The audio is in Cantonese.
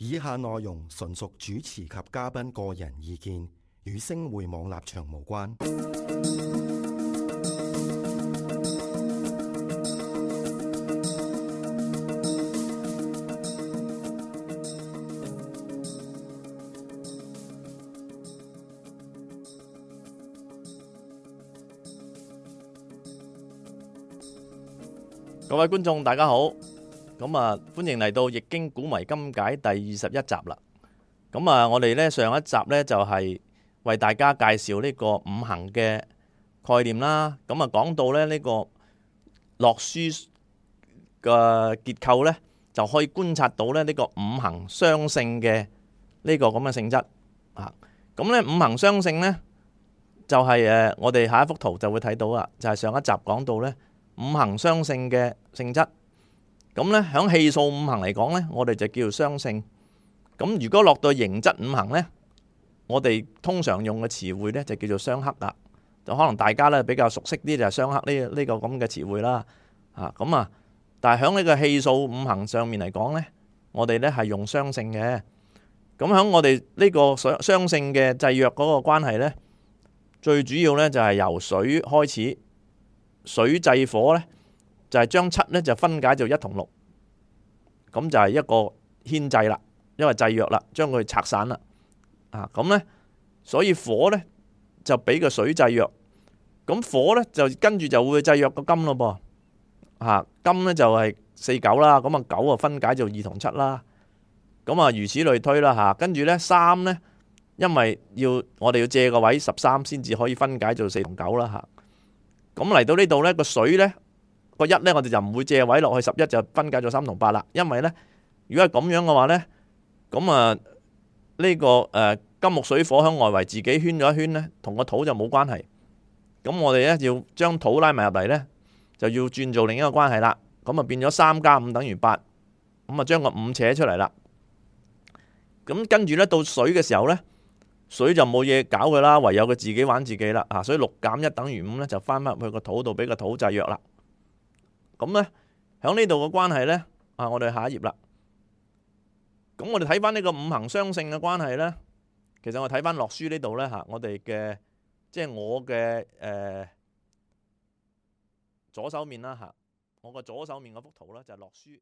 以下內容純屬主持及嘉賓個人意見，與星匯網立場無關。各位觀眾，大家好。咁啊，歡迎嚟到《易經古謎今解》第二十一集啦。咁啊，我哋咧上一集咧就係為大家介紹呢個五行嘅概念啦。咁啊，講到咧呢個洛書嘅結構咧，就可以觀察到咧呢個五行相勝嘅呢個咁嘅性質啊。咁咧五行相勝咧就係誒，我哋下一幅圖就會睇到啦。就係上一集講到咧五行相勝嘅性質。咁咧，喺氣數五行嚟講咧，我哋就叫做相勝。咁如果落到形質五行咧，我哋通常用嘅詞彙咧就叫做相克啦。就可能大家咧比較熟悉啲就係相克呢呢個咁嘅詞彙啦。啊，咁啊，但係喺呢個氣數五行上面嚟講咧，我哋咧係用相勝嘅。咁喺我哋呢個相相勝嘅制約嗰個關係咧，最主要咧就係由水開始，水制火咧。就係將七呢，就分解做一同六，咁就係一個牽制啦，因為制約啦，將佢拆散啦。啊，咁呢，所以火呢就俾個水制約，咁火呢就跟住就會制約個金咯噃。嚇，金呢就係四九啦，咁啊九啊分解做二同七啦，咁啊如此類推啦嚇。跟住呢三呢，因為要我哋要借個位十三先至可以分解做四同九啦嚇。咁嚟到呢度呢個水呢。個一咧，我哋就唔會借位落去，十一就分解咗三同八啦。因為咧，如果係咁樣嘅話咧，咁啊呢個誒金木水火向外圍自己圈咗一圈咧，同個土就冇關係。咁我哋咧要將土拉埋入嚟咧，就要轉做另一個關係啦。咁啊變咗三加五等於八，咁啊將個五扯出嚟啦。咁跟住咧到水嘅時候咧，水就冇嘢搞佢啦，唯有佢自己玩自己啦。啊，所以六減一等於五咧，就翻返去個土度俾個土制約啦。咁咧，喺呢度嘅關係咧，啊，我哋下一頁啦。咁我哋睇翻呢個五行相生嘅關係咧，其實我睇翻洛書呢度咧嚇，我哋嘅即係我嘅誒、呃、左手面啦嚇、啊，我嘅左手面嗰幅圖咧就係洛書。